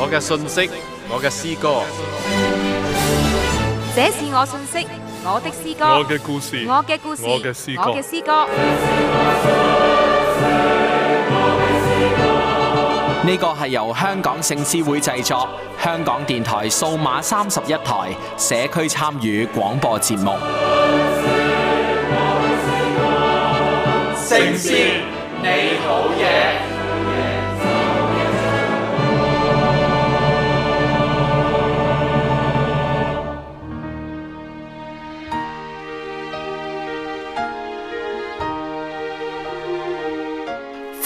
我嘅信息，我嘅詩歌。這是我信息，我的詩歌。我嘅故事，我嘅故事，我嘅詩歌，我嘅詩歌。呢個係由香港聖詩會製作，香港電台數碼三十一台社區參與廣播節目。聖詩，你好嘢。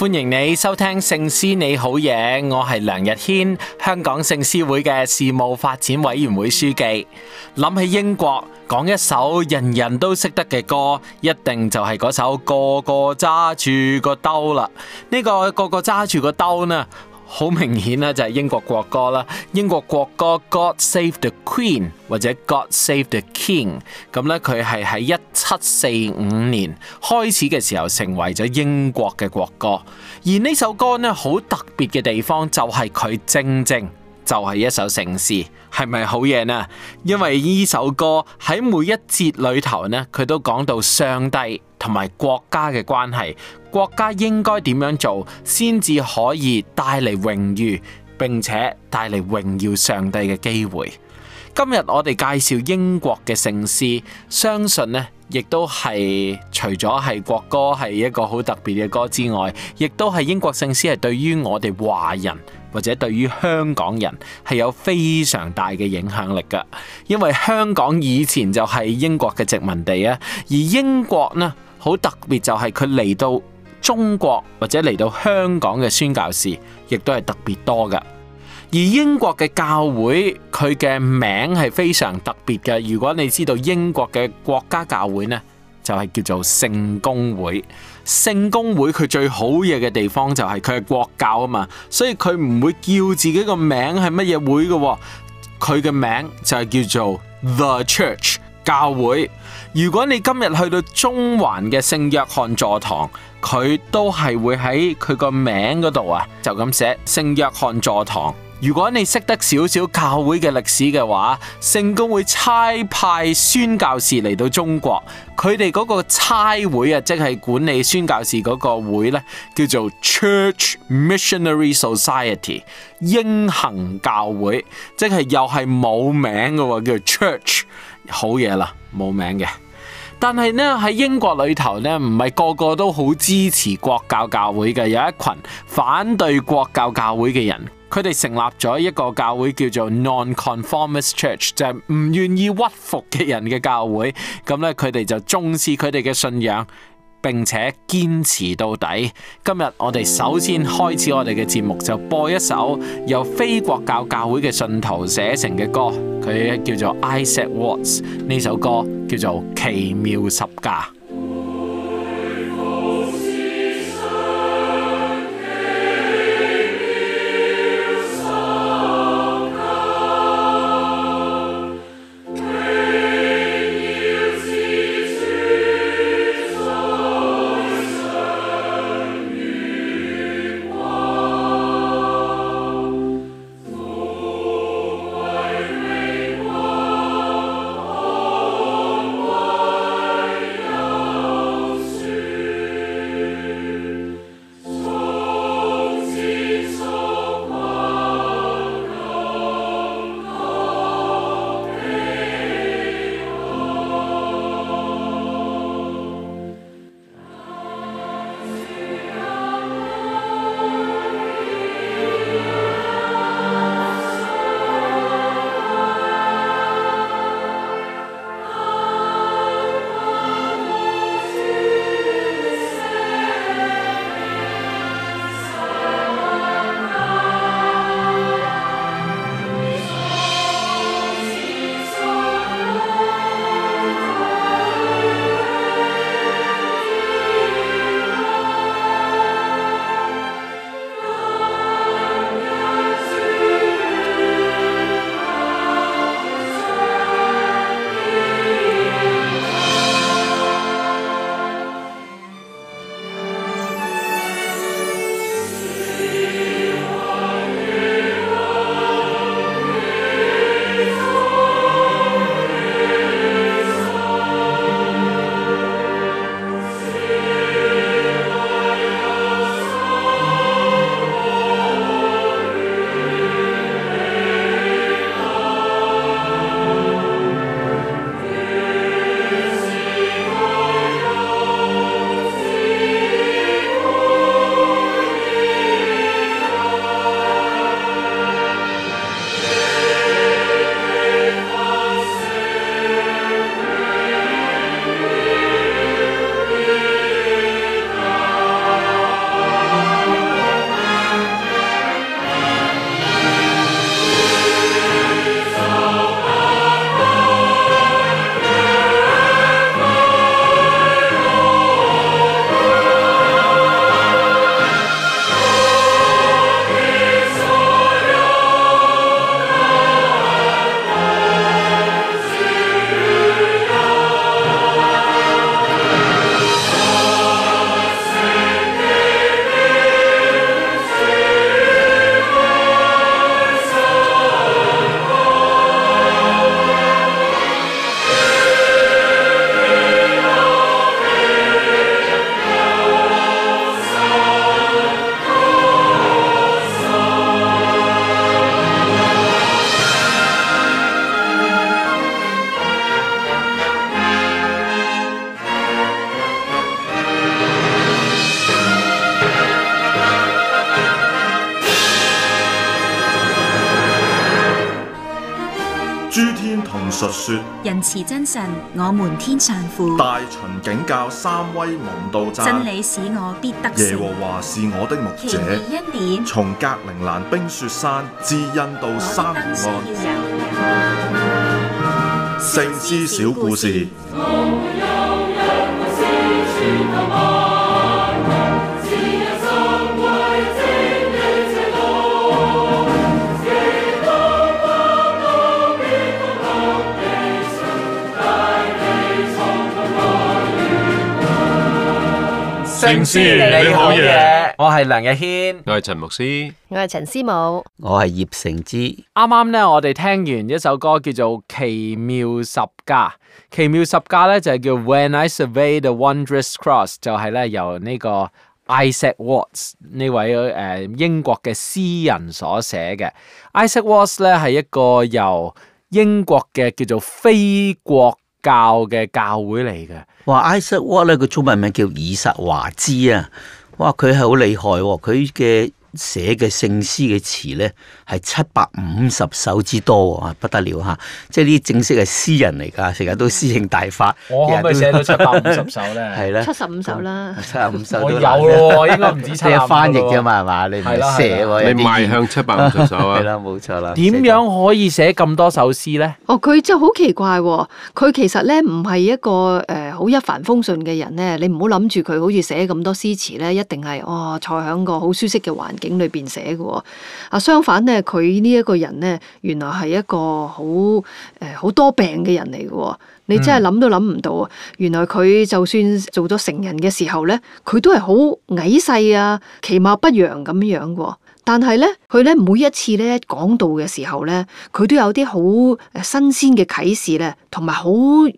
歡迎你收聽聖詩你好嘢，我係梁日軒，香港聖詩會嘅事務發展委員會書記。諗起英國，講一首人人都識得嘅歌，一定就係嗰首個個揸住個兜啦、這個。呢個個個揸住個兜呢？好明顯咧，就係英國國歌啦。英國國歌《God Save the Queen》或者《God Save the King》咁咧，佢係喺一七四五年開始嘅時候成為咗英國嘅國歌。而呢首歌咧，好特別嘅地方就係佢正正，就係一首聖詩，係咪好嘢呢？因為呢首歌喺每一節裏頭呢，佢都講到上帝同埋國家嘅關係，國家應該點樣做先至可以帶嚟榮譽，並且帶嚟榮耀上帝嘅機會。今日我哋介紹英國嘅聖詩，相信呢亦都係除咗係國歌係一個好特別嘅歌之外，亦都係英國聖詩係對於我哋華人，或者對於香港人係有非常大嘅影響力㗎，因為香港以前就係英國嘅殖民地啊，而英國呢好特別就係佢嚟到中國或者嚟到香港嘅宣教士，亦都係特別多㗎。而英國嘅教會佢嘅名係非常特別嘅，如果你知道英國嘅國家教會呢，就係、是、叫做聖公會。聖公會佢最好嘢嘅地方就係佢係國教啊嘛，所以佢唔會叫自己個名係乜嘢會嘅喎、哦，佢嘅名就係叫做 The Church 教會。如果你今日去到中環嘅聖約翰座堂，佢都係會喺佢個名嗰度啊，就咁寫聖約翰座堂。如果你識得少少教會嘅歷史嘅話，聖公會差派宣教士嚟到中國，佢哋嗰個差會啊，即係管理宣教士嗰個會呢，叫做 Church Missionary Society，英行教會，即係又係冇名嘅喎，叫做 Church，好嘢啦，冇名嘅。但係呢，喺英國裏頭呢，唔係個個都好支持國教教會嘅，有一群反對國教教會嘅人。佢哋成立咗一個教會叫做 Non-Conformist Church，就係唔願意屈服嘅人嘅教會。咁咧，佢哋就重視佢哋嘅信仰並且堅持到底。今日我哋首先開始我哋嘅節目，就播一首由非國教教會嘅信徒寫成嘅歌，佢叫做 Isaac Watts。呢首歌叫做《奇妙十架》。慈真神，我們天上父。大秦景教三威蒙度讚。真理使我必得善。耶和華是我的牧者。奇異恩典。從格陵蘭冰雪山至印度珊瑚岸。聖詩小故事。聖詩你好嘢，我係梁日軒，我係陳牧師，我係陳師母，我係葉成之。啱啱咧，我哋聽完一首歌叫做《奇妙十架》，《奇妙十架》咧就係叫 When I Survey the Wondrous Cross，就係咧由呢個 Isaac Watts 呢位誒英國嘅詩人所寫嘅。Isaac Watts 咧係一個由英國嘅叫做非國教嘅教會嚟嘅。話 a 薩華呢個中文名叫以薩華支啊！哇，佢係好厲害，佢嘅。寫嘅聖詩嘅詞咧，係七百五十首之多啊，不得了吓！即係呢啲正式係詩人嚟噶，成日都詩興大發，人咪寫到七百五十首咧，係啦了，七十五首啦，七十五首都我有咯，應該唔止差 翻譯啫嘛，係嘛？寫的的你唔係寫，你邁向七百五十首啊！係 啦， 冇錯啦。點樣可以寫咁多首詩咧、哦？哦，佢就好奇怪，佢其實咧唔係一個誒好一帆風順嘅人咧，你唔好諗住佢好似寫咁多詩詞咧，一定係哦坐喺個好舒適嘅環。景裏邊寫嘅。啊，相反咧，佢呢一個人咧，原來係一個好誒好多病嘅人嚟嘅，哦，你真係諗都諗唔到啊！原來佢就算做咗成人嘅時候咧，佢都係好矮細啊，其貌不揚咁樣樣，哦，但係咧，佢咧每一次咧講道嘅時候咧，佢都有啲好新鮮嘅啟示咧，同埋好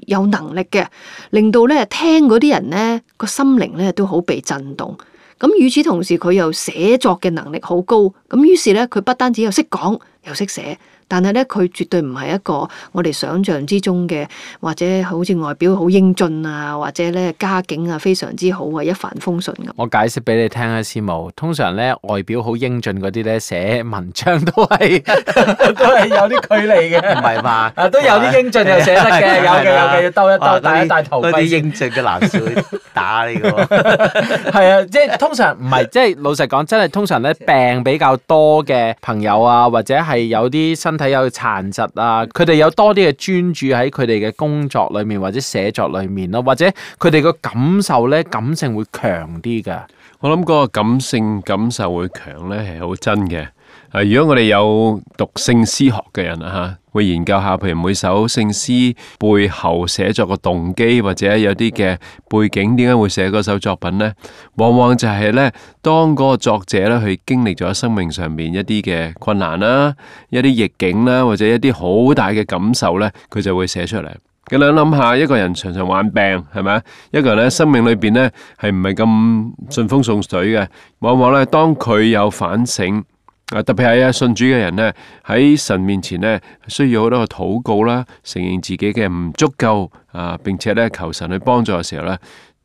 有能力嘅，令到咧聽嗰啲人咧個心靈咧都好被震動。咁與此同時，佢又寫作嘅能力好高，咁於是呢，佢不單止又識講，又識寫。但係咧，佢絕對唔係一個我哋想象之中嘅，或者好似外表好英俊啊，或者咧家境啊非常之好，一帆風順咁。我解釋俾你聽啊，師母，通常咧外表好英俊嗰啲咧寫文章都係都係有啲距離嘅，唔係嘛？啊，都有啲英俊又寫得嘅，有嘅有嘅，要兜一兜戴一戴頭盔。啲英俊嘅男士打你喎，係啊，即係通常唔係，即係老實講，真係通常咧病比較多嘅朋友啊，或者係有啲新。身體有殘疾啊，佢哋有多啲嘅專注喺佢哋嘅工作裏面或者寫作裏面咯，或者佢哋嘅感受咧，感性會強啲噶。我諗嗰個感性感受會強咧，係好真嘅。如果我哋有讀聖詩學嘅人啊，吓，會研究下，譬如每首聖詩背後寫作嘅動機，或者有啲嘅背景，點解會寫嗰首作品呢，往往就係咧，當嗰個作者咧去經歷咗生命上面一啲嘅困難啦，一啲逆境啦，或者一啲好大嘅感受咧，佢就會寫出嚟。咁樣諗下，一個人常常患病，係咪？一個人咧，生命裏邊咧係唔係咁順風順水嘅？往往咧，當佢有反省。啊，特別係啊，信主嘅人咧，喺神面前咧，需要好多個禱告啦，承認自己嘅唔足夠啊，並且咧求神去幫助嘅時候咧，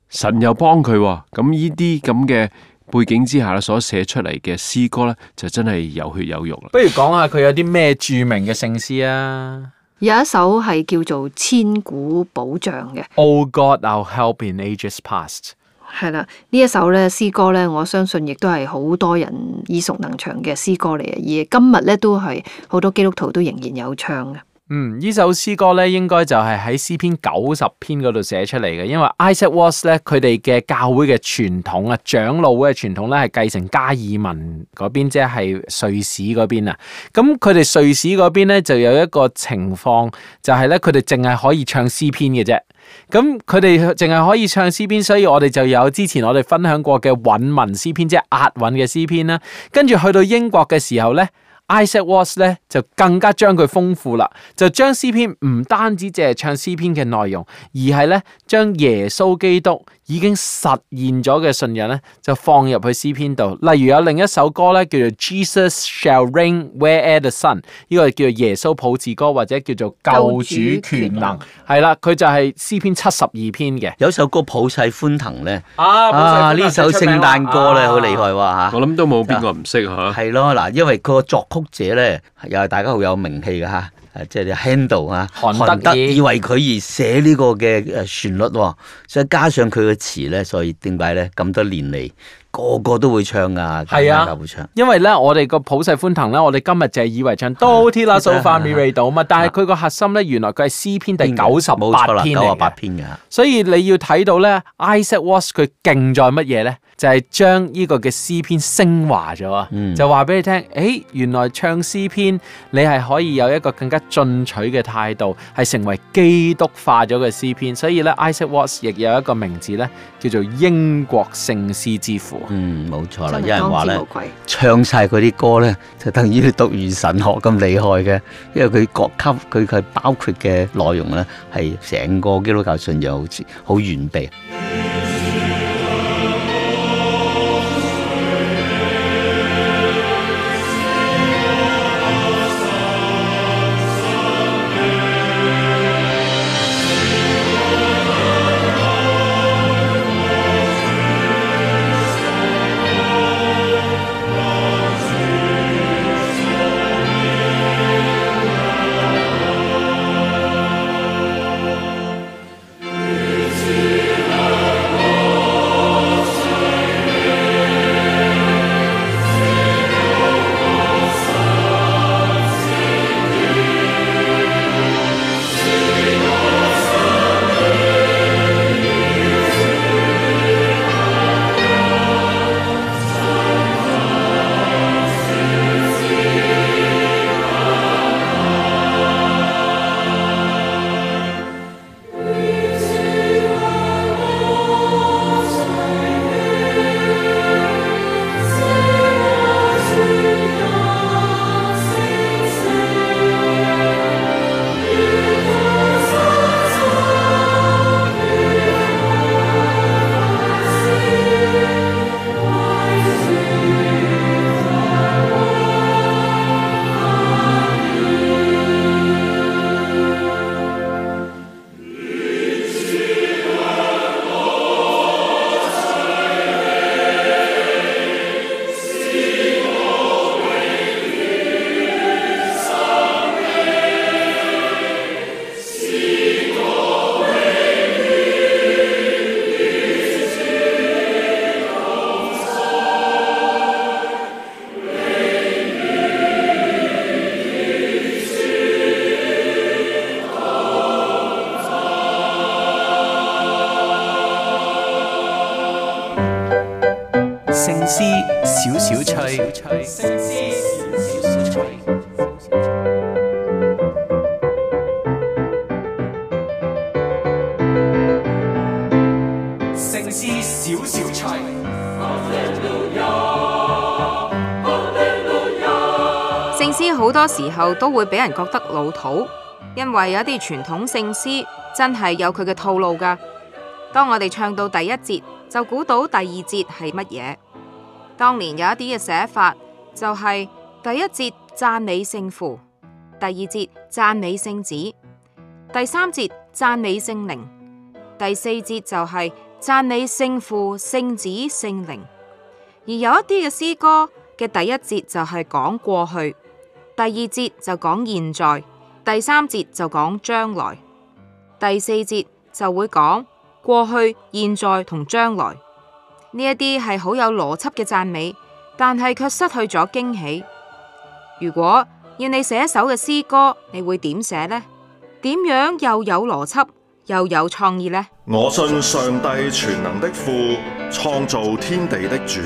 神又幫佢。咁呢啲咁嘅背景之下咧，所寫出嚟嘅詩歌咧，就真係有血有肉啦。不如講下佢有啲咩著名嘅聖詩啊？有一首係叫做《千古保障》嘅。Oh God, our help in ages past. 係啦，呢一首咧詩歌咧，我相信亦都係好多人耳熟能詳嘅詩歌嚟嘅，而今日咧都係好多基督徒都仍然有唱嘅。嗯，首詩呢首詩歌咧，應該就係喺詩篇九十篇嗰度寫出嚟嘅，因為 Isaac Watts 咧，佢哋嘅教會嘅傳統啊，長老會嘅傳統咧係繼承加爾文嗰邊，即係瑞士嗰邊啊。咁佢哋瑞士嗰邊咧就有一個情況，就係咧佢哋淨係可以唱詩篇嘅啫。咁佢哋淨係可以唱詩篇，所以我哋就有之前我哋分享過嘅韻文詩篇，即係押韻嘅詩篇啦。跟住去到英國嘅時候呢 Isaac Watts 咧就更加將佢豐富啦，就將詩篇唔單止淨係唱詩篇嘅內容，而係呢，將耶穌基督。已經實現咗嘅信仰咧，就放入去詩篇度。例如有另一首歌咧，叫做《Jesus Shall Reign Where'er the Sun》，呢、這個叫做耶穌普治歌或者叫做救主權能，係啦，佢就係詩篇七十二篇嘅。有首歌普世歡騰咧，呢啊，呢、啊、首聖誕歌咧好厲害喎、啊、我諗都冇邊個唔識嚇。係咯、啊，嗱，因為佢個作曲者咧又係大家好有名氣嘅嚇。即係 handle 啊，韓德爾為佢而寫呢個嘅誒旋律，再加上佢嘅詞咧，所以點解咧咁多年嚟？個個都會唱噶，係啊，會唱、啊。因為咧，我哋個普世歡騰咧，我哋今日就係以為唱《 Do Ti La So Fa Mi Re Do 嘛。 但係佢個核心咧，原來佢係詩篇第九十八篇嚟嘅。冇錯啦，九啊八篇嘅。所以你要睇到咧，Isaac Watts 佢勁在乜嘢咧？就係將呢個嘅詩篇升華咗啊！嗯、就話俾你聽，誒、欸，原來唱詩篇你係可以有一個更加進取嘅態度，係成為基督化咗嘅詩篇。所以咧，Isaac Watts 亦有一個名字咧，叫做英國聖詩之父。嗯，冇錯啦，有人話咧，唱晒佢啲歌咧，就等於讀完神學咁厲害嘅，因為佢各級佢係包括嘅內容咧，係成個基督教信仰好似好完備。 都會俾人覺得老土，因為有啲傳統聖詩真係有佢嘅套路㗎。當我哋唱到第一節，就估到第二節係乜嘢。當年有一啲嘅寫法就係、是、第一節讚美聖父，第二節讚美聖子，第三節讚美聖靈，第四節就係讚美聖父、聖子、聖靈。而有一啲嘅詩歌嘅第一節就係講過去。第二節就講現在，第三節就講將來，第四節就會講過去、現在同將來。呢一啲係好有邏輯嘅讚美，但係卻失去咗驚喜。如果要你寫一首嘅詩歌，你會點寫呢？點樣又有邏輯又有創意呢？我信上帝全能的父，創造天地的主，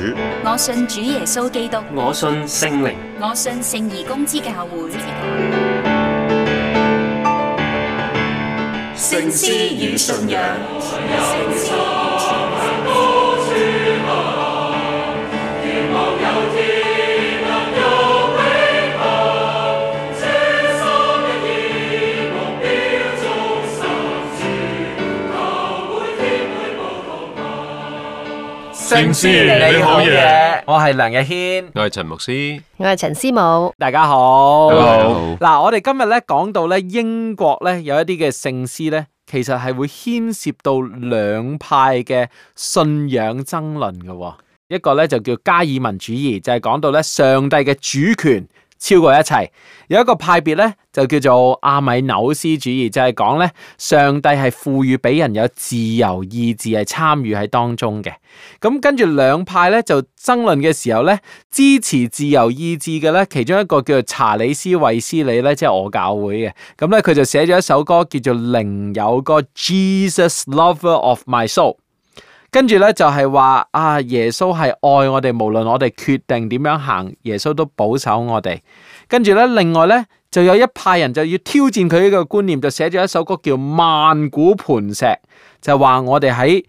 我信主耶穌基督，我信聖靈，我信聖而公之教會，聖詩與信仰。聖詩你好嘢。好，我係梁日軒，我係陳牧師，我係陳師母。大家好，大家好。嗱，我哋今日咧講到咧英國咧有一啲嘅聖詩咧，其實係會牽涉到兩派嘅信仰爭論嘅。一個咧就叫加爾文主義，就係、是、講到咧上帝嘅主權。超過一切，有一個派別咧，就叫做亞米紐斯主義，就係講咧上帝係賦予俾人有自由意志係參與喺當中嘅。咁、嗯、跟住兩派咧就爭論嘅時候咧，支持自由意志嘅咧，其中一個叫做查理斯衛斯理咧，即係我教會嘅。咁咧佢就寫咗一首歌叫做歌《另有一個 Jesus Lover of My Soul》。跟住咧就係話啊耶穌係愛我哋，無論我哋決定點樣行，耶穌都保守我哋。跟住咧，另外咧就有一派人就要挑戰佢呢個觀念，就寫咗一首歌叫《萬古磐石》，就話我哋喺，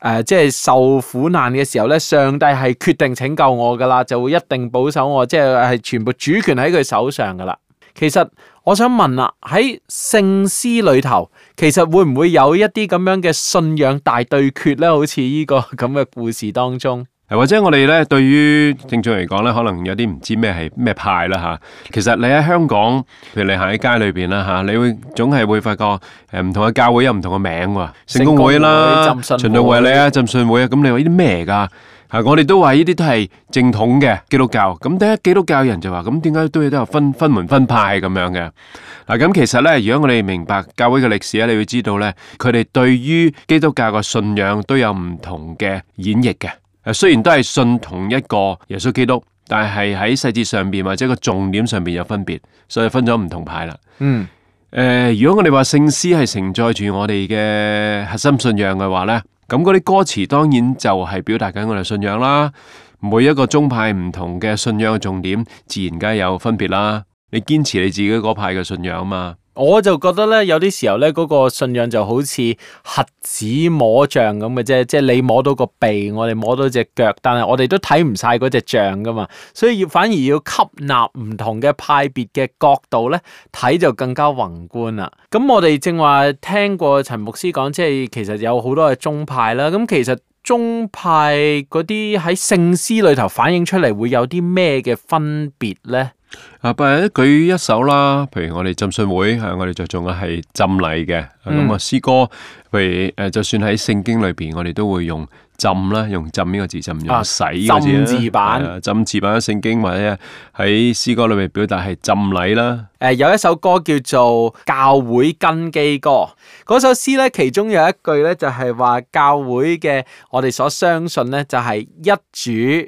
誒即係受苦難嘅時候咧，上帝係決定拯救我噶啦，就會一定保守我，即係係全部主權喺佢手上噶啦。其實我想問啦，喺聖詩裏頭。其實會唔會有一啲咁樣嘅信仰大對決咧？好似呢個咁嘅故事當中，或者我哋咧對於正常嚟講咧，可能有啲唔知咩係咩派啦吓。其實你喺香港，譬如你行喺街裏邊啦吓，你會總係會發覺誒唔同嘅教會有唔同嘅名，聖公會啦、循、啊、道衛理啊、浸信會啊，咁你話呢啲咩噶？啊！我哋都話呢啲都係正統嘅基督教。咁點解基督教人就話咁？點解都有都有分分門分派咁樣嘅？嗱，咁其實咧，如果我哋明白教會嘅歷史咧，你會知道咧，佢哋對於基督教嘅信仰都有唔同嘅演繹嘅。誒，雖然都係信同一個耶穌基督，但係喺細節上邊或者個重點上面有分別，所以分咗唔同派啦。嗯。誒，如果我哋話聖詩係承載住我哋嘅核心信仰嘅話咧？咁嗰啲歌詞當然就係表達緊我哋信仰啦，每一個宗派唔同嘅信仰重點，自然梗係有分別啦。你堅持你自己嗰派嘅信仰嘛？我就覺得咧，有啲時候咧，嗰個信仰就好似瞎子摸象咁嘅啫，即係你摸到個鼻，我哋摸到隻腳，但係我哋都睇唔晒嗰隻象㗎嘛，所以要反而要吸納唔同嘅派別嘅角度咧，睇就更加宏觀啦。咁我哋正話聽過陳牧師講，即係其實有好多嘅宗派啦。咁其實宗派嗰啲喺聖詩裏頭反映出嚟，會有啲咩嘅分別咧？啊，不如舉一首啦。譬如我哋浸信會，係我哋着重嘅係浸禮嘅咁個詩歌。譬如誒，就算喺聖經裏邊，我哋都會用浸啦，用浸呢個字浸，用洗字版、啊，浸字版嘅聖、啊、經，或者喺詩歌裏面表達係浸禮啦。誒、啊，有一首歌叫做《教會根基歌》，嗰首詩咧，其中有一句咧就係、是、話教會嘅我哋所相信咧就係、是、一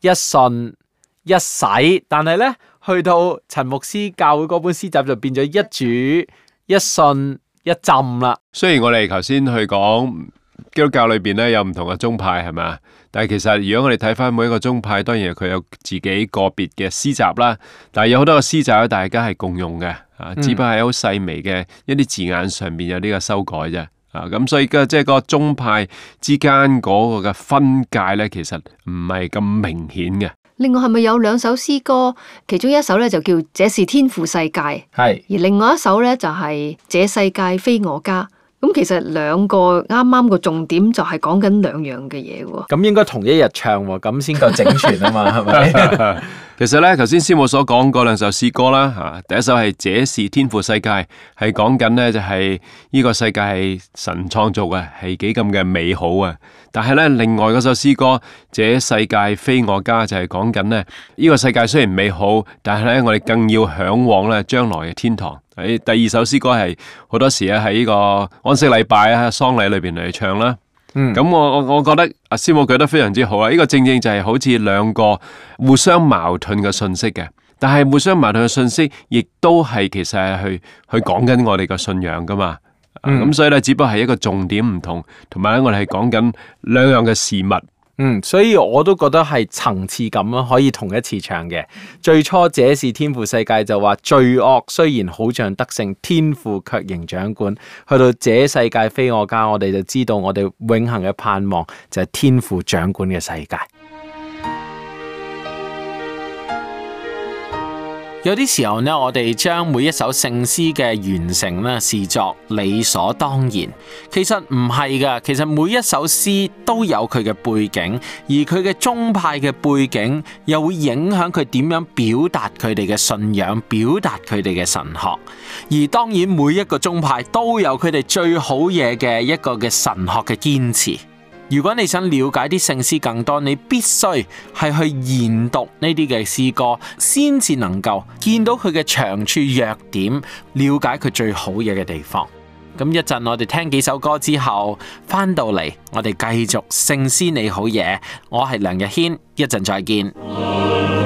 主一信一洗，但係咧。去到陳牧師教會嗰本詩集就變咗一主一信一浸啦。雖然我哋頭先去講基督教裏邊咧有唔同嘅宗派係嘛，但係其實如果我哋睇翻每一個宗派，當然佢有自己個別嘅詩集啦。但係有好多個詩集咧，大家係共用嘅，啊，只不過係好細微嘅一啲字眼上邊有呢個修改啫。嗯、啊，咁所以即係個宗派之間嗰個嘅分界咧，其實唔係咁明顯嘅。另外係咪有兩首詩歌？其中一首咧就叫《這是天父世界》，是而另外一首咧就係、是《這世界非我家》。咁其實兩個啱啱個重點就係講緊兩樣嘅嘢喎，咁應該同一日唱，咁先夠整全啊嘛。其實呢，頭先師母所講個兩首詩歌啦，吓第一首係這是天父世界，係講緊呢就係、是、呢個世界係神創造嘅，係幾咁嘅美好啊。但係呢，另外嗰首詩歌，這世界非我家，就係講緊呢：這「呢個世界雖然美好，但係呢，我哋更要向往呢將來嘅天堂。喺第二首詩歌係好多時啊，喺呢個安息禮拜啊喪禮裏邊嚟唱啦，咁、嗯、我我我覺得阿師母舉得非常之好啊！呢、這個正正就係好似兩個互相矛盾嘅信息嘅，但係互相矛盾嘅信息亦都係其實係去去講緊我哋嘅信仰噶嘛，咁、嗯啊、所以咧只不過係一個重點唔同，同埋咧我哋係講緊兩樣嘅事物。嗯，所以我都覺得係層次咁咯，可以同一次唱嘅。最初這是天父世界就話罪惡雖然好像得勝，天父卻仍掌管。去到這世界非我家，我哋就知道我哋永恆嘅盼望就係、是、天父掌管嘅世界。有啲時候呢，我哋將每一首聖詩嘅完成呢，視作理所當然，其實唔係噶。其實每一首詩都有佢嘅背景，而佢嘅宗派嘅背景又會影響佢點樣表達佢哋嘅信仰，表達佢哋嘅神學。而當然，每一個宗派都有佢哋最好嘢嘅一個嘅神學嘅堅持。如果你想了解啲聖詩更多，你必須係去研讀呢啲嘅詩歌，先至能夠見到佢嘅長處、弱點，了解佢最好嘢嘅地方。咁一陣我哋聽幾首歌之後，翻到嚟我哋繼續聖詩你好嘢。我係梁日軒，一陣再見。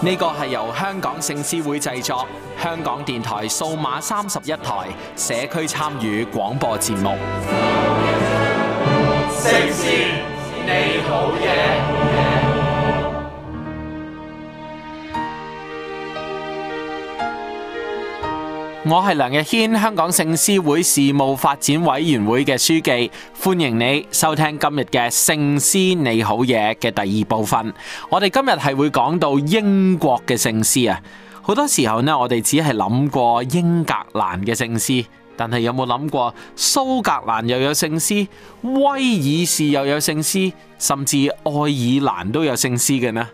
呢個係由香港聖詩會製作，香港電台數碼三十一台社區參與廣播節目。聖詩，你好嘢！我係梁日軒，香港聖詩會事務發展委員會嘅書記，歡迎你收聽今日嘅聖詩你好嘢嘅第二部分。我哋今日係會講到英國嘅聖詩啊，好多時候呢，我哋只係諗過英格蘭嘅聖詩，但係有冇諗過蘇格蘭又有聖詩，威爾士又有聖詩，甚至愛爾蘭都有聖詩嘅呢？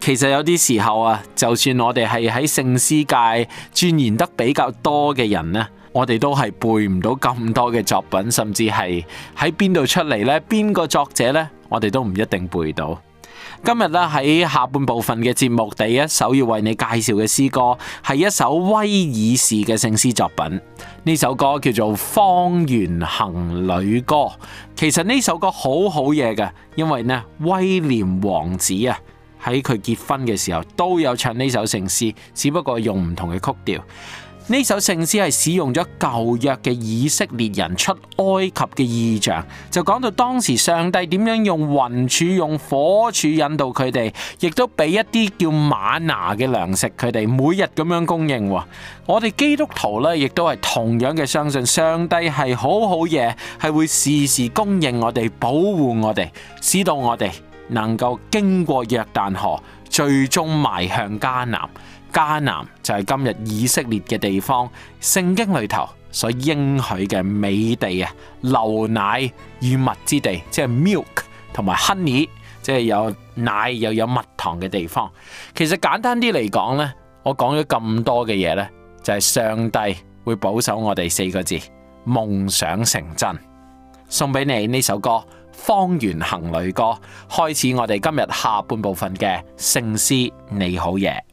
其實有啲時候啊，就算我哋係喺聖詩界鑽研得比較多嘅人呢，我哋都係背唔到咁多嘅作品，甚至係喺邊度出嚟呢？邊個作者呢？我哋都唔一定背到。今日咧喺下半部分嘅節目，第一首要為你介紹嘅詩歌係一首威爾士嘅聖詩作品，呢首歌叫做《方圓行旅歌》。其實呢首歌好好嘢嘅，因為呢威廉王子啊。喺佢結婚嘅時候都有唱呢首聖詩，只不過用唔同嘅曲調。呢首聖詩係使用咗舊約嘅以色列人出埃及嘅意象，就講到當時上帝點樣用雲柱、用火柱引導佢哋，亦都俾一啲叫瑪拿嘅糧食佢哋每日咁樣供應。我哋基督徒呢，亦都係同樣嘅相信上帝係好好嘢，係會時時供應我哋、保護我哋、使到我哋能夠經過約旦河，最終邁向迦南。迦南就係今日以色列嘅地方。聖經裏頭所應許嘅美地啊，流奶與蜜之地，即係 milk 同埋 honey，即係有奶又有蜜糖嘅地方。其實簡單啲嚟講呢，我講咗咁多嘅嘢呢，就係、是、上帝會保守我哋四個字，夢想成真。送俾你呢首歌。《方圓行旅歌》開始，我哋今日下半部分嘅聖詩，你好嘢。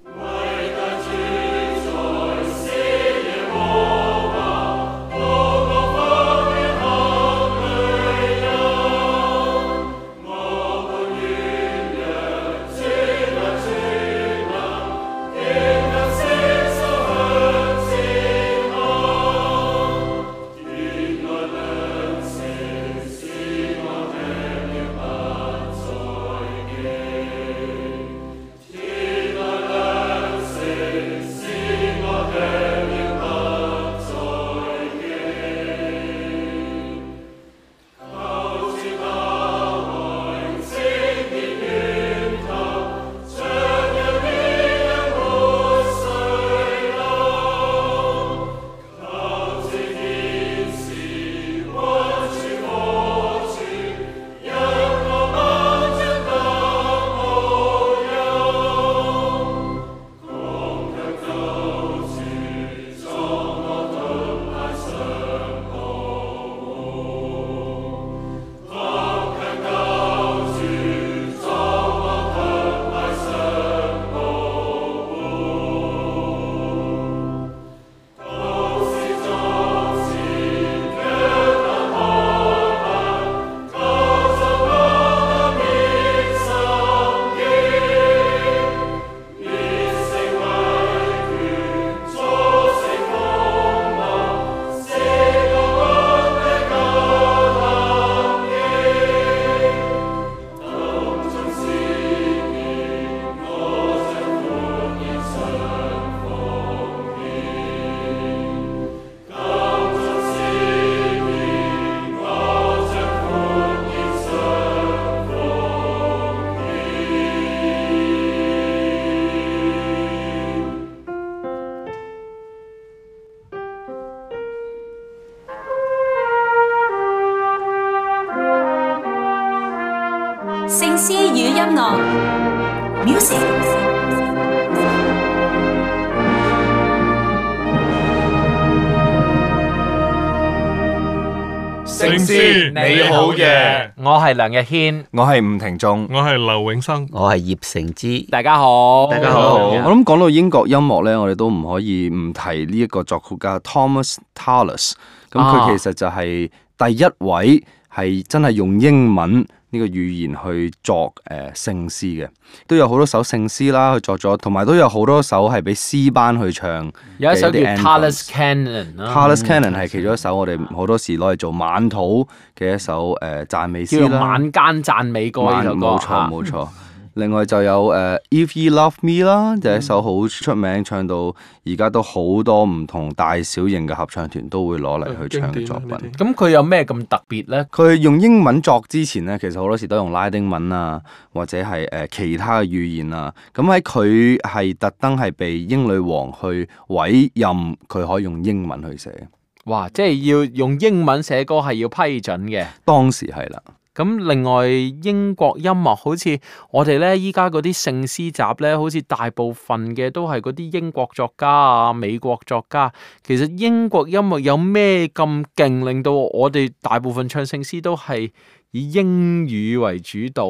你好嘅，我係梁日軒，我係吳庭仲，我係劉永生，我係葉成之。大家好，大家好。我諗講到英國音樂咧，我哋都唔可以唔提呢一個作曲家 Thomas Tallis。咁佢其實就係第一位係真係用英文。啊啊呢個語言去作誒聖、呃、詩嘅，都有好多首聖詩啦，去作咗，同埋都有好多首係俾詩班去唱。有一首叫，一叫《Tallis' Canon》，Tallis' Canon 係、嗯、其中一首，我哋好多時攞嚟做晚禱嘅一首誒、呃、讚美詩啦。叫做晚間讚美、這個、歌嚟嘅歌啊。冇錯，冇錯 另外就有誒、uh, If You Love Me 啦，就一首好出名，唱到而家都好多唔同大小型嘅合唱團都會攞嚟去唱嘅作品。咁佢、嗯、有咩咁特別呢？佢用英文作之前咧，其實好多時都用拉丁文啊，或者係誒、呃、其他嘅語言啊。咁喺佢係特登係被英女王去委任，佢可以用英文去寫。哇！即係要用英文寫歌係要批准嘅。當時係啦。咁另外英國音樂好似我哋咧依家嗰啲聖詩集咧，好似大部分嘅都係嗰啲英國作家啊、美國作家。其實英國音樂有咩咁勁，令到我哋大部分唱聖詩都係以英語為主導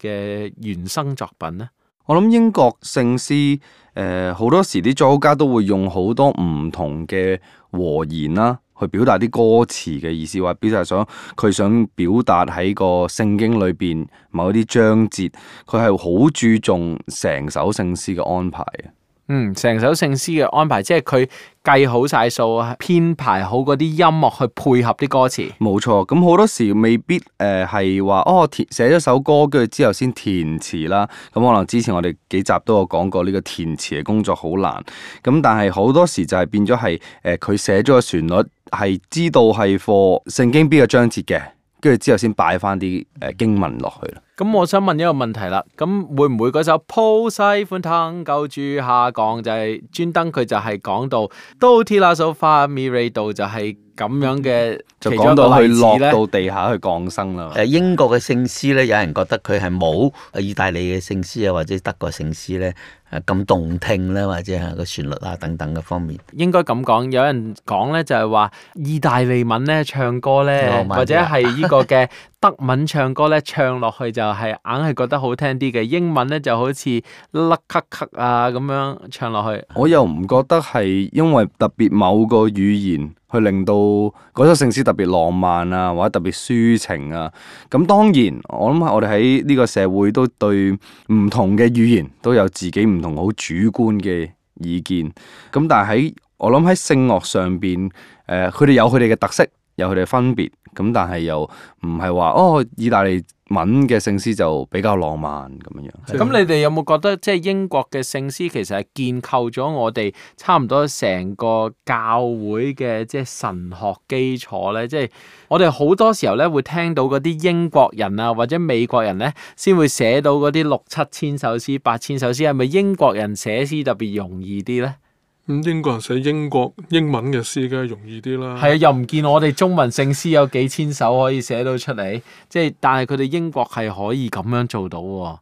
嘅原生作品咧？我諗英國聖詩誒好多時啲作曲家都會用好多唔同嘅和弦啦、啊。去表達啲歌詞嘅意思，或者表達想佢想表達喺個聖經裏邊某啲章節，佢係好注重成首聖詩嘅安排。嗯，成首聖詩嘅安排，即係佢計好晒數，編排好嗰啲音樂去配合啲歌詞。冇錯，咁好多時未必誒係話哦，填寫咗首歌，跟住之後先填詞啦。咁可能之前我哋幾集都有講過呢個填詞嘅工作好難。咁但係好多時就係變咗係誒，佢寫咗個旋律，係知道係課聖經邊個章節嘅。跟住之後先擺翻啲誒經文落去啦。咁我想問一個問題啦。咁會唔會嗰首《普世歡騰，救主下降》，就係專登佢就係講到《Do Ti La So Fa Mi Re Do》就係咁樣嘅，就講到去落到地下去降生啦。誒英國嘅聖詩咧，有人覺得佢係冇誒意大利嘅聖詩啊，或者德國聖詩咧。咁動聽咧，或者係個旋律啊等等嘅方面，應該咁講。有人講咧，就係話意大利文咧唱歌咧，或者係呢個嘅。 德文唱歌咧，唱落去就係硬係覺得好聽啲嘅，英文咧，就好似甩咳咳啊咁樣唱落去。我又唔覺得係因為特別某個語言去令到嗰首聖詩特別浪漫啊，或者特別抒情啊。咁當然我諗我哋喺呢個社會都對唔同嘅語言都有自己唔同好主觀嘅意見。咁但係喺我諗喺聖樂上邊，誒佢哋有佢哋嘅特色。有佢哋分別，咁但係又唔係話哦，意大利文嘅聖詩就比較浪漫咁樣。咁的你哋有冇覺得，即係英國嘅聖詩其實係建構咗我哋差唔多成個教會嘅即係神學基礎咧？即係我哋好多時候咧會聽到嗰啲英國人啊或者美國人咧先會寫到嗰啲六七千首詩、八千首詩，係咪英國人寫詩特別容易啲咧？咁英國人寫英國英文嘅詩梗係容易啲啦。係啊，又唔見我哋中文聖詩有幾千首可以寫到出嚟，即係但係佢哋英國係可以咁樣做到喎。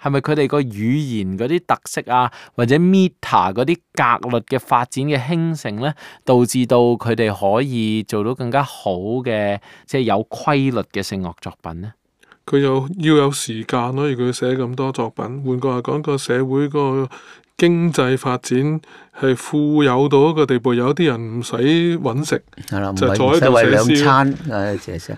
係咪佢哋個語言嗰啲特色啊，或者 meter 嗰啲格律嘅發展嘅興盛咧，導致到佢哋可以做到更加好嘅，即係有規律嘅聖樂作品咧？佢有要有時間咯，而佢寫咁多作品。換句話講，個社會、個。經濟發展係富有到一個地步，有啲人唔使揾食，嗯、就坐喺度寫詩。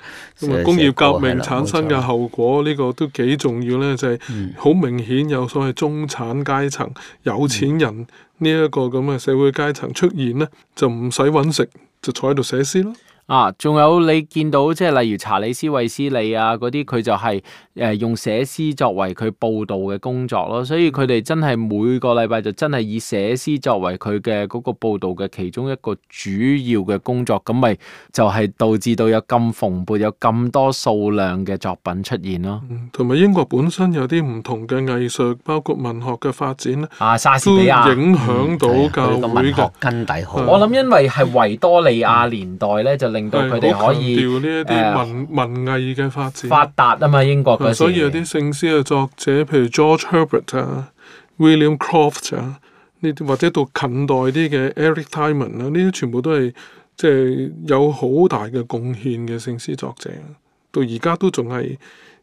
工業革命產生嘅後果呢、嗯、個都幾重要呢，就係、係、好明顯有所謂中產階層、有錢人呢一個咁嘅社會階層出現呢，就唔使揾食，就坐喺度寫詩咯。啊，仲有你見到即係例如查理斯衛斯理啊嗰啲，佢就係、係。誒用寫詩作為佢報道嘅工作咯，所以佢哋真係每個禮拜就真係以寫詩作為佢嘅嗰個報道嘅其中一個主要嘅工作，咁咪就係導致到有咁蓬勃、有咁多數量嘅作品出現咯。同埋英國本身有啲唔同嘅藝術，包括文學嘅發展，啊、沙士比亞都影響到教會嘅根、嗯、底好。的我諗因為係維多利亞年代咧，嗯、就令到佢哋可以誒文文藝嘅發展、呃、發達啊嘛，英國所以有啲聖詩嘅作者，譬如 George Herbert 啊、William Croft 啊，呢啲或者到近代啲嘅 Eric Tyman 啊，呢啲全部都係即係有好大嘅貢獻嘅聖詩作者，到而家都仲係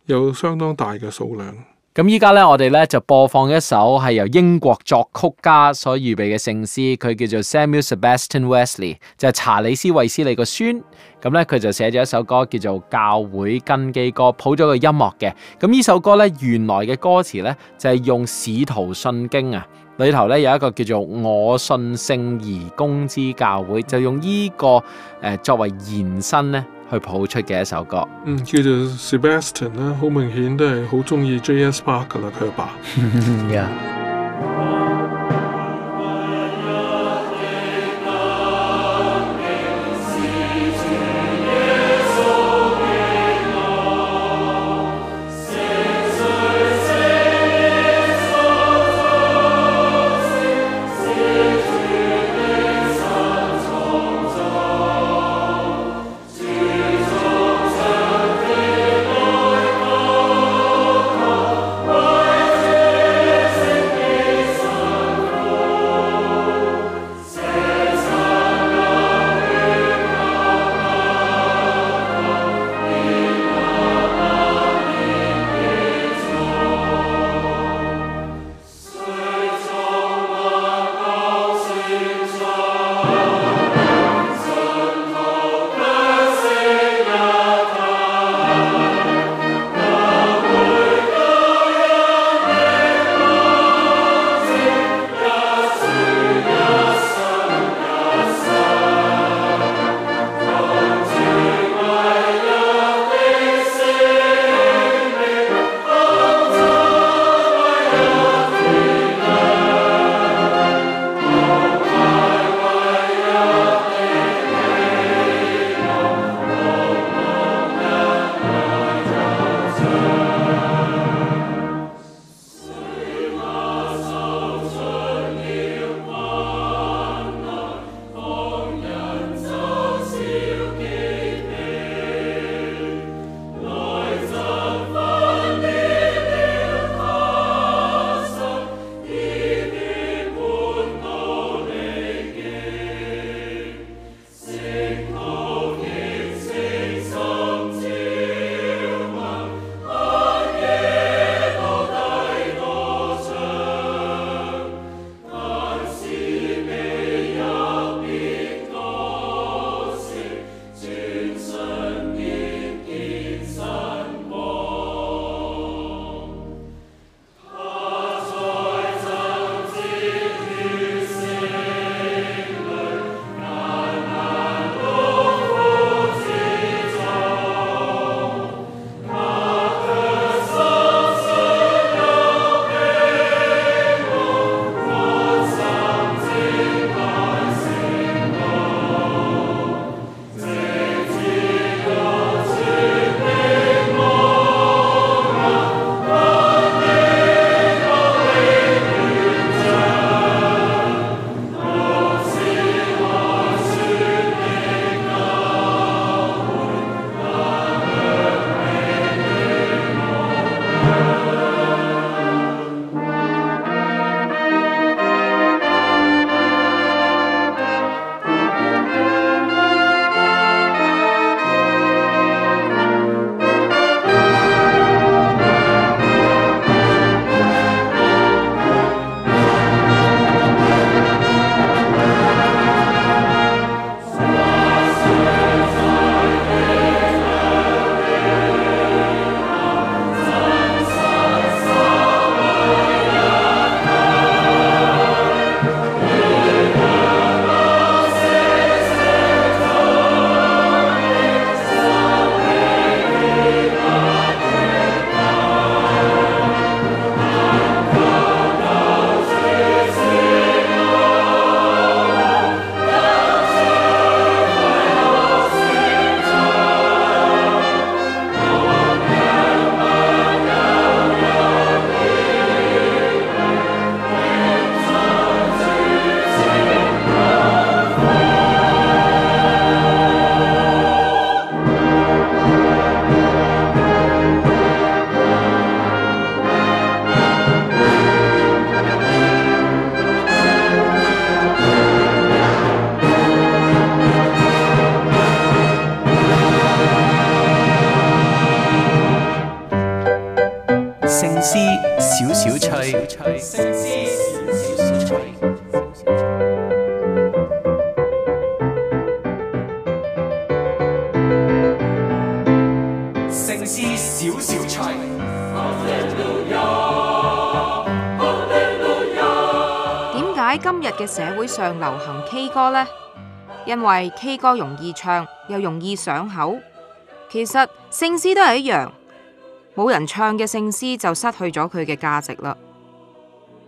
有相當大嘅數量。咁依家咧，我哋咧就播放一首係由英國作曲家所預備嘅聖詩，佢叫做 Samuel Sebastian Wesley，就係查理斯衛斯理個孫。咁咧，佢就寫咗一首歌叫做《教會根基歌》，譜咗個音樂嘅。咁呢首歌咧，原來嘅歌詞咧就係用《使徒信經》啊，裏頭咧有一個叫做「我信聖而公之教會」，就用呢個誒作為延伸咧。去譜出嘅一首歌，嗯，叫做 Sebastian 啦，好明顯都係好鍾意 J. S. Bach 㗎喇，佢阿爸。今日嘅社會上流行 K 歌呢？因為 K 歌容易唱又容易上口。其實聖詩都係一樣，冇人唱嘅聖詩就失去咗佢嘅價值啦。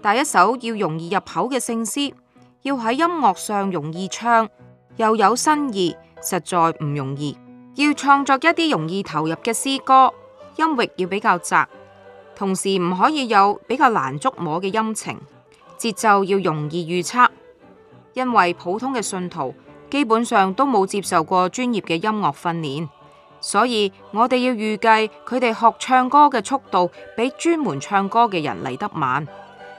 但一首要容易入口嘅聖詩，要喺音樂上容易唱又有新意，實在唔容易。要創作一啲容易投入嘅詩歌，音域要比較窄，同時唔可以有比較難捉摸嘅音程。節奏要容易預測，因為普通嘅信徒基本上都冇接受過專業嘅音樂訓練，所以我哋要預計佢哋學唱歌嘅速度比專門唱歌嘅人嚟得慢。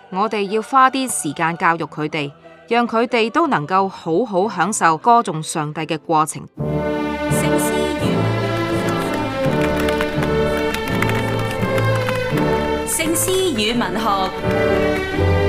我哋要花啲時間教育佢哋，讓佢哋都能夠好好享受歌頌上帝嘅過程。聖詩與文學。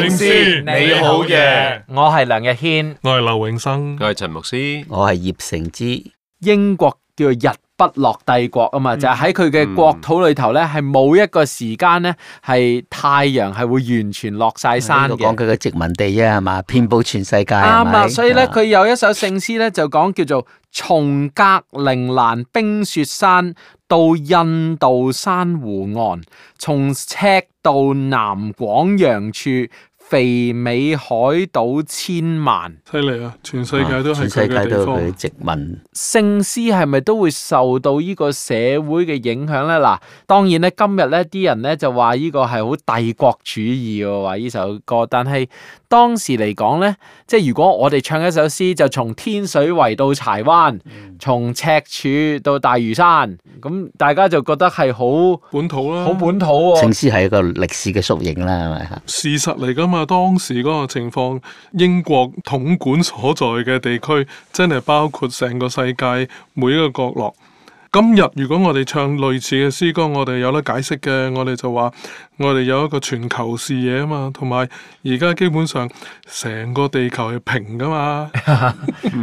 牧師你好嘅，我係梁日軒，我係劉永生，我係陳牧師，我係葉成之。英國叫做日不落帝國啊嘛，嗯、就喺佢嘅國土裏頭咧，係冇、嗯、一個時間咧係太陽係會完全落晒山嘅。講佢嘅殖民地啊，係嘛？遍佈全世界。啱啊？吧，吧所以咧佢有一首聖詩咧，就講叫做從格陵蘭冰雪山到印度珊瑚岸，從赤道南廣洋處。肥美海島千萬，犀利啊！全世界都係佢嘅地方。殖民。聖詩係咪都會受到呢個社會嘅影響咧？嗱，當然咧，今日咧啲人咧就話呢個係好帝國主義喎，話呢首歌，但係。當時嚟講咧，即係如果我哋唱一首詩，就從天水圍到柴灣，從赤柱到大嶼山，咁大家就覺得係好本土啦，好本土啊！聖詩係一個歷史嘅縮影啦，係咪？事實嚟噶嘛，當時嗰個情況，英國統管所在嘅地區，真係包括成個世界每一個角落。今日如果我哋唱類似嘅詩歌，我哋有得解釋嘅，我哋就話我哋有一個全球視野啊嘛，同埋而家基本上成個地球係平噶嘛。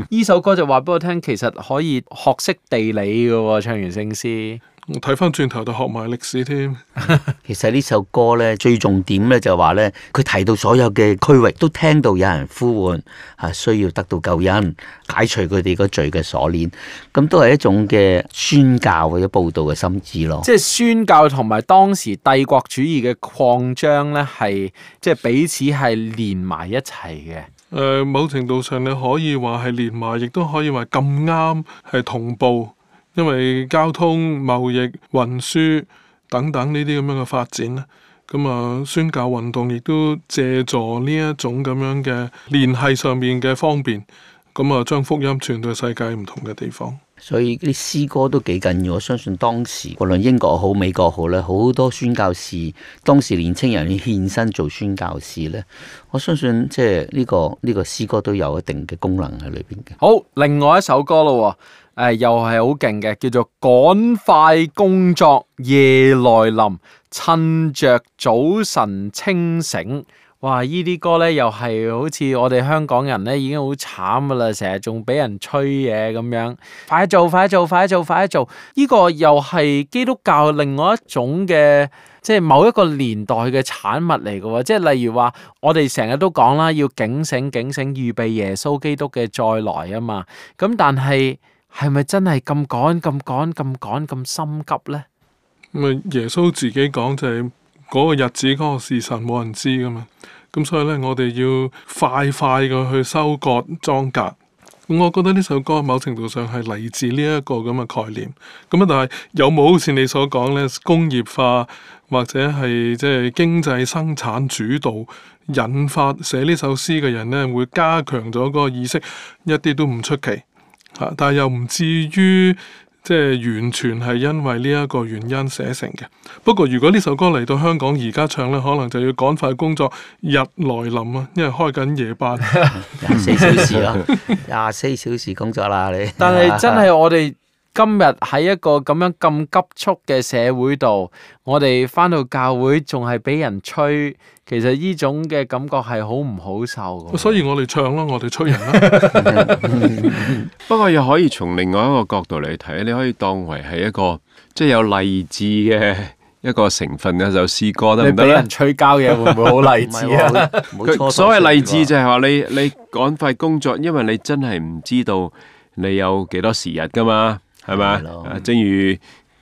呢首歌就話俾我聽，其實可以學識地理㗎喎，唱完聖詩。我睇翻轉頭就學埋歷史添。 其實呢首歌呢，最重點呢就係話呢，佢提到所有嘅區域都聽到有人呼喚，係需要得到救恩，解除佢哋個罪嘅鎖鏈。咁都係一種嘅宣教或者布道嘅心思咯。即係宣教同埋當時帝國主義嘅擴張呢，係即係彼此係連埋一齊嘅。誒、呃，某程度上你可以話係連埋，亦都可以話咁啱係同步。因為交通、貿易、運輸等等呢啲咁樣嘅發展咧，咁啊宣教運動亦都借助呢一種咁樣嘅聯繫上面嘅方便，咁啊將福音傳到世界唔同嘅地方。所以啲詩歌都幾緊要，我相信當時無論英國好、美國好咧，好多宣教士當時年青人獻身做宣教士咧，我相信即係呢個呢個詩歌都有一定嘅功能喺裏邊嘅。好，另外一首歌咯。誒、呃，又係好勁嘅，叫做趕快工作，夜來臨，趁着早晨清醒。哇！呢啲歌咧，又係好似我哋香港人咧，已經好慘噶啦，成日仲俾人吹嘢咁樣，快做，快做，快做，快做。呢、這個又係基督教另外一種嘅，即係某一個年代嘅產物嚟噶喎。即係例如話，我哋成日都講啦，要警醒，警醒，預備耶穌基督嘅再來啊嘛。咁但係。係咪真係咁趕咁趕咁趕咁心急呢？咁啊，耶穌自己講就係嗰個日子嗰個時辰冇人知噶嘛。咁所以咧，我哋要快快嘅去收割莊稼。我覺得呢首歌某程度上係嚟自呢一個咁嘅概念。咁啊，但係有冇好似你所講咧，工業化或者係即係經濟生產主導，引發寫呢首詩嘅人咧，會加強咗嗰個意識，一啲都唔出奇。嚇！但係又唔至於即係、就是、完全係因為呢一個原因寫成嘅。不過如果呢首歌嚟到香港而家唱咧，可能就要趕快工作日來臨啊，因為開緊夜班，廿四 小時咯，廿四 小時工作啦你。 但係真係我哋。今日喺一個咁樣咁急促嘅社會度，我哋翻到教會仲係俾人吹。其實呢種嘅感覺係好唔好受嘅。所以我哋唱咯，我哋吹人啦。不過又可以從另外一個角度嚟睇，你可以當為係一個即係有勵志嘅一個成分嘅一首詩歌得唔得？俾人吹交嘢會唔會好勵志啊？所謂勵志就係話你你趕快工作，因為你真係唔知道你有幾多時日噶嘛。係嘛？啊、正如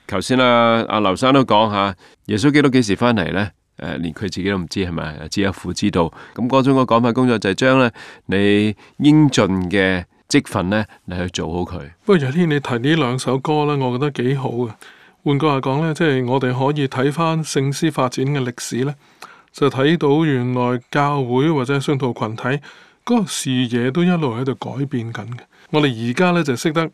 頭先啊，阿、啊、劉生都講吓，耶穌基督幾時翻嚟咧？誒、啊，連佢自己都唔知係咪？只有父知道。咁嗰種個講法，嗯、工作就係將咧你應盡嘅職份咧，你去做好佢。不過楊天，你提呢兩首歌咧，我覺得幾好啊。換句話講咧，即係我哋可以睇翻聖詩發展嘅歷史咧，就睇到原來教會或者信徒群體嗰、那個視野都一路喺度改變緊。我哋而家咧就識得。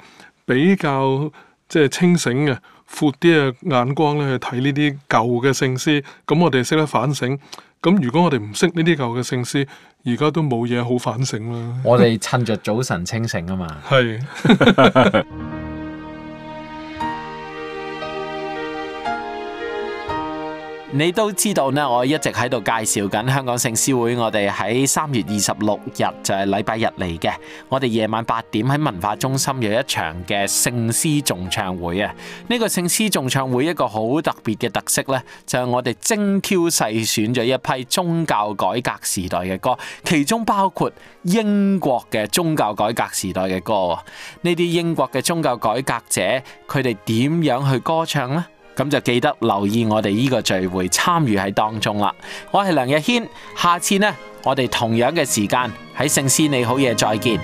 比較即係清醒嘅，闊啲嘅眼光咧去睇呢啲舊嘅聖詩，咁我哋識得反省。咁如果我哋唔識呢啲舊嘅聖詩，而家都冇嘢好反省啦。我哋趁着早晨清醒啊嘛。係 是。 你都知道咧，我一直喺度介紹緊香港聖詩會，我哋喺三月二十六日就係禮拜日嚟嘅。我哋夜晚八點喺文化中心有一場嘅聖詩重唱會啊！呢、這個聖詩重唱會一個好特別嘅特色咧，就係、是、我哋精挑細選咗一批宗教改革時代嘅歌，其中包括英國嘅宗教改革時代嘅歌。呢啲英國嘅宗教改革者，佢哋點樣去歌唱呢？咁就記得留意我哋呢個聚會參與喺當中啦！我係梁日軒，下次呢我哋同樣嘅時間喺《聖詩你好嘢》再見。